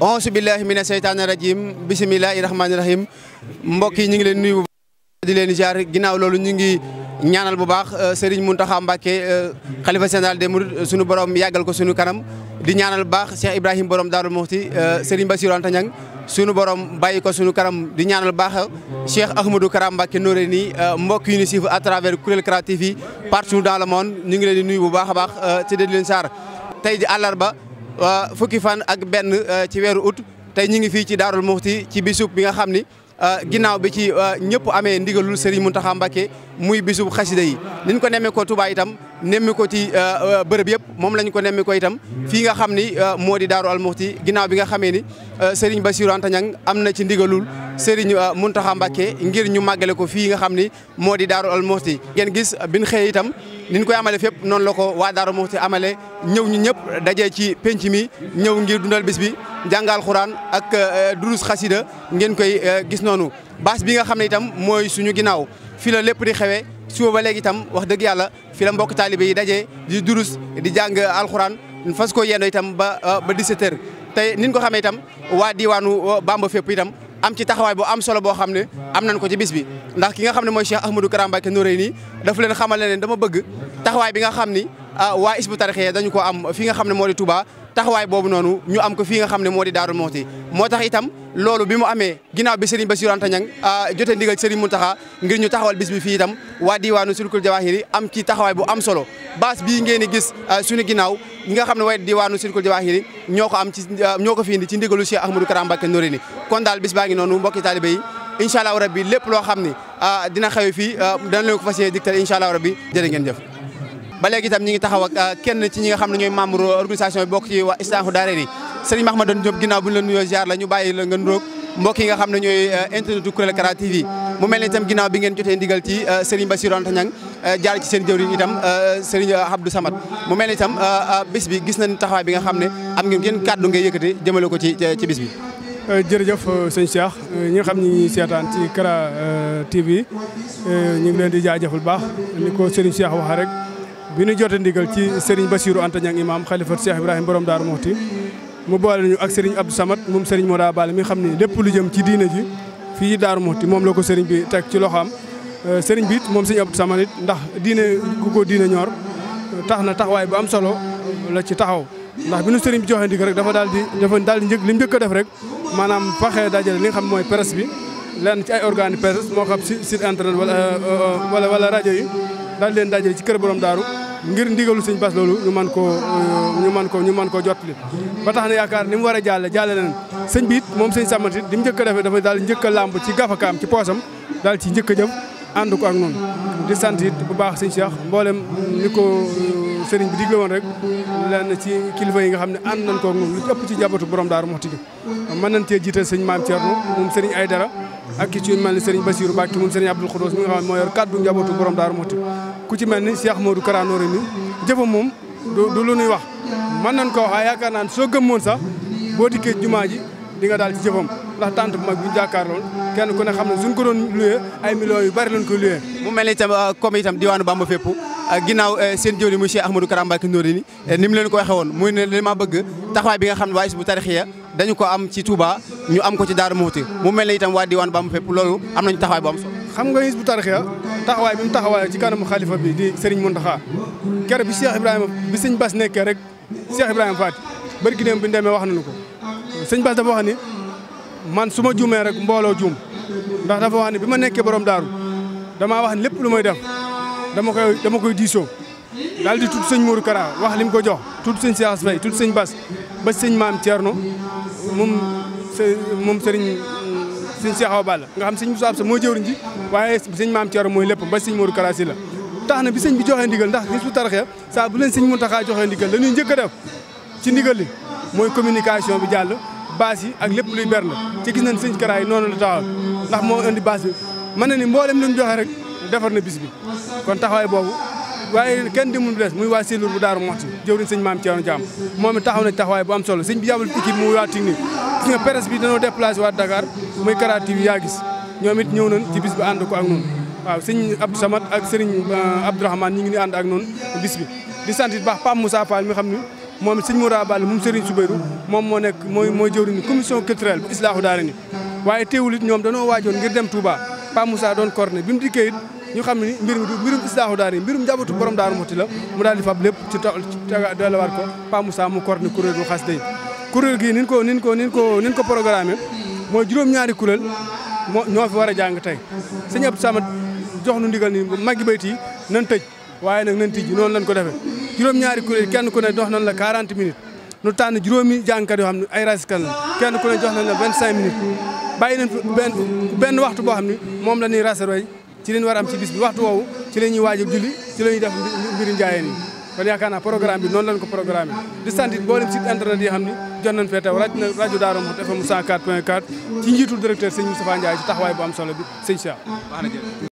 auzu billahi mina seytaani rajim bisimilahi rahmaani rahim mbokk yi ñu ngi leen nuyu bu baax di leen jaar ginnaaw loolu ñu ngi ñaanal bu baax euh, Serigne Mountakha Mbacké euh, xalifa général des mourides euh, suñu borom yàggal ko suñu kanam di ñaanal bu baax Cheikh Ibrahim borom Daaru Muxti Serigne Bassirou Anta Niang suñu borom bàyyi ko suñu kanam di ñaanal baax Cheikh Ahmadou Karam Mbacké nooré nii mbokk yi ñu suivre à travers Kourel Kara TV yi partout dans le monde ñu ngi leen di nuyu bu baax a baax te di leen saar tey di àllarba fukki fan ak benn euh, ci weeru août tey ñu ngi fii ci Daarul Muxti ci bisub bi nga xam ni euh, ginnaaw bi ci euh, ñëpp amee ndigalul Serigne Mountakha Mbacké muy bisub xasida yi niñ ko nemmee ko Touba itam nemmi ko ci bërëb yëpp moom lañ ko nemmi ko itam fii nga xam ni moo di Daarul Muxti ginnaaw bi nga xamee ni Serigne Bassirou Anta am na ci ndigalul Serigne Mountakha Mbacké ngir ñu màggale ko fii nga xam ni moo di Daarul Muxti ngeen gis bin xëy itam niñ koy amale fépp noonu la ko waa Daaru Muxti amale ñëw ñu ñëpp dajee ci penc mi ñëw ngir dundal bis bi jàngal xuraan ak euh, durus xasida ngeen koy euh, gis noonu baas bi nga xam ne itam mooy suñu ginnaaw fi la lépp di xewee suba ba léegi itam wax dëgg yàlla fi la mbokk taalibe yi dajee di durus di jàng alxuraan fas ko yendoo itam ba euh, ba 17 heures tey niñ ko xamee itam waa diwaanu Bamba fépp itam am ci taxaway bu am solo bo xamne am nañ ko ci bis bi ndax ki nga xamne moy Cheikh Ahmadou Kara nouray ni daf leen xamal leen dama bëgg taxaway bi nga xamni ni isbu ah, Hizbut dañ ko am fi nga xamne modi di Touba taxawaay boobu noonu ñu am ko fii nga xam ne moo di Daaru Muxti moo tax itam loolu bi mu amee ginnaaw bi Serigne Bassirou Anta Niang ah, jotee ndigal Serigne taxa ngir ñu taxawal bis bi fii itam waa diwaanu Sulkul Jawahiri am ci taxawaay bu am solo baas bi ngeen di gis ah, suñu ginnaaw nga xam ne waaye diwaanu Sulkul Jawahiri ñoo ko am ci ah, ñoo ko fi ndi ci ndigalu Cheikh Ahmadou Karam Mbacké Noreyni kon daal bis baa ngi noonu mbokki taalibe yi incha allahu rabbi lépp loo xam ne dina xew fii dana leen ko fas yéene diktal rabbi jërë ngeen jëf ba léegi itam ñi ngi taxaw ak euh, kenn ci ñi nga xam ne ñooy membre organisation yi bokk ci waa Islaahu Daarayni sëriñ Mahmadan Diop ginnaaw bu ñu la nuyoo ziar la ñu bàyyi la nga nuroog mbokk yi nga xam ne ñooy euh, internet u kuréel Kara TV mu mel ne itam ginnaaw bi ngeen jotee ndigal ci euh, sëriñ Bassirou Anta Niang jaar ci seen jëwriñ itam sëriñ Abdou Samad mu mel ni itam bis bi gis nañ taxawaay bi nga xam ne am ngeen yéen kàddu ngay yëkkati jëmale ko ci ci bis bi jërëjëf sëñ Cheikh ñi nga xam ñi ngi seetaan ci Kara TV ñu ngi leen di jaajëfal baax ni ko sëriñ Cheikh waxee rek biñu jotté ndigal ci Serigne Bassirou Anta ak imam Khalifa Cheikh Ibrahim borom Dar Mohti mu boole ñu ak Serigne Abdou Samad mum Serigne Moura Bal mi xamni lepp lu jëm ci diine ji fi Dar Mohti mom lako Serigne bi tak ci loxam euh, Serigne bi mom Serigne Abdou Samad ndax diine ku ko diine ñor taxna taxway bu am solo la ci taxaw ndax biñu Serigne bi joxee ndig rek dafa daldi di dafa daldi di njëkk li def rek manam faxee dajal li xam moy presse bi lenn ci ay organe presse mo xam ci site internet wala euh, euh, wala radio yi dal len dajal ci kër borom daru ngir ndigalu sëñ Bass loolu ñu man koo euh, ñu man ko ñu man koo jottali ba tax na yaakaar ni mu war a jaale jaale leen sëñ bi it moom sëñ sàmmat it di mu njëkk a defee dafa daal njëkk a làmb ci gafakaam ci poosam daal ci njëkk a jëm ànd ko ak noonu di sant it bu baax sëñ Cheikh mboolem ni ko euh, sëriñ bi digle woon rek lenn ci kilifa yi nga xam ne ànd nañ ko ak noonu lu ci ëpp ci njabootu borom daaru Muxti bi mën nañ cee jiital sëñ Maam Thierno moom sëriñ Aydara ak ki ci yu mel ni Serigne Bassirou Mbacke moom Serigne Abdoul Khoudous mi nga xam ne moo yor kaddu njabootu borom Darou Mouhty ku ci mel ni Cheikh Modou Kara Noreyni jëfam moom du lu nuy wax mën nañ ko wax waaye yaakaar naan soo gëmmoon sax boo dikkee jumaa ji di nga daal ci jëfam ndax tànt bu mag bu ñu jàkkaarlool kenn ku ne xam ne suñ ko doon luyee ay millions yu bari lañ ko luyee mu mel ni itam euh, comme itam diwaanu Bamba fépp euh, ginnaaw euh, seen jëwri muy Cheikh Ahmadou Kara Mbacke Noreyni mu leen ko waxee woon muy ne li ma bëgg taxawaay bi xam ne waa Hizbut Tarqiyyah dañu ko am ci Touba ñu am ko ci Darou Mouhty mu mel ne itam waa diwaan Bamba fépp loolu am nañu taxawaay bu am solo xam nga Hizbut Tarqiyyah taxawaay bi mu taxawaay ci kanamu xalifa bi di Serigne Mountakha keroog bi Cheikh Ibrahima bi sëñ Bass nekkee rek Cheikh Ibrahima Faty bari bi ñu demee wax nañu ko sëñ Bass dafa wax ni man su ma juumee rek mbooloo juum ndax dafa wax ni bi ma nekkee borom daaru damaa wax ni lépp lu may def dama koy dama koy diisoo daal di tudd sëñ Mourou Kara wax li mu ko jox tudd sëñ Cheikh Faye tudd sëñ Bass ba sëñ maam Thierno moom sëriñ sëriñ Cheikh Awa Balla nga xam sëriñ Moussa Absa moo jëwriñ ji waaye sëriñ Maam Thioro mooy lépp ba sëriñ Modou Kara Sylla tax na bi sëñ bi joxe ndigal ndax gis bu taraxee saa bu leen sëñ Mountakha joxee ndigal la ñuy njëkk a def ci ndigal li mooy communication bi jàll baas yi ak lépp luy bernde ci gis nañ sëñ Kara yi noonu la taxaw ndax moo indi baas man mën na ni mboolem lu ñu joxe rek defar na bis kon taxawaay boobu waaye kenn demul des muy waa Silur bu Daaru Moxti jëwriñ sëñ Maam Thierno Jaam moom taxaw na taxawaay bu am solo sëñ bi yabal équipe gis nga presse bi dañoo déplacé waat Dakar muy Kara TV yaa gis ñoom it ñëw nañ ci bis bi ànd ko ak noonu waaw sëñ Abdou Samad ak sëriñ euh, Abdourahmane ñi ngi ni ànd ak noonu bis bi di sant ba baax Pape Moussa mi xam ne moom sëñ Moura Ball moom sëriñ Soubérou moom moo nekk mooy mooy jëwriñ commission culturelle bu islaahu daara ni waaye teewul it ñoom dañoo waajoon ngir dem Touba Pape Moussa doon corné bi mu dikkee it ñu xam ne mbir mi du mbirum islaahu daara mbirum njabootu borom daaru moti la mu daal di fab lépp ci taw dalawaat ko Pape Moussa mu corné kuréel gii nin ko nin ko nin ko nin ko programme mooy juróom-ñaari kuréel moo ñoo fi war a jàng tey sëñ Abdou Samad jox nu ndigal ni maggi bayt yi nan tëj waaye nag nan tijji noonu lañ ko defee juróom-ñaari kuréel kenn ku ne dox nañ la 40 minutes nu tànn juróomi jàngkat yoo xam ne ay raskan la kenn ku ne jox nañ la 25 minutes bàyyi nañ benn waxtu boo xam ne moom la ñuy raserway ci leen war am ci bis waxtu woowu ci la ñuy waaj a julli ci la ñuy def mbiri njaayeen yi kon yaakaar naa programme bi noonu lañ ko programme di sant it mboolem site internet yi xam ni jot nañ fee teew rajo na rajo Darou Mouhty FM 104 point 4 ci njiitul directeur sëñ Moustapha Ndiaye ci taxawaay bu am solo bi sëñ Cheikh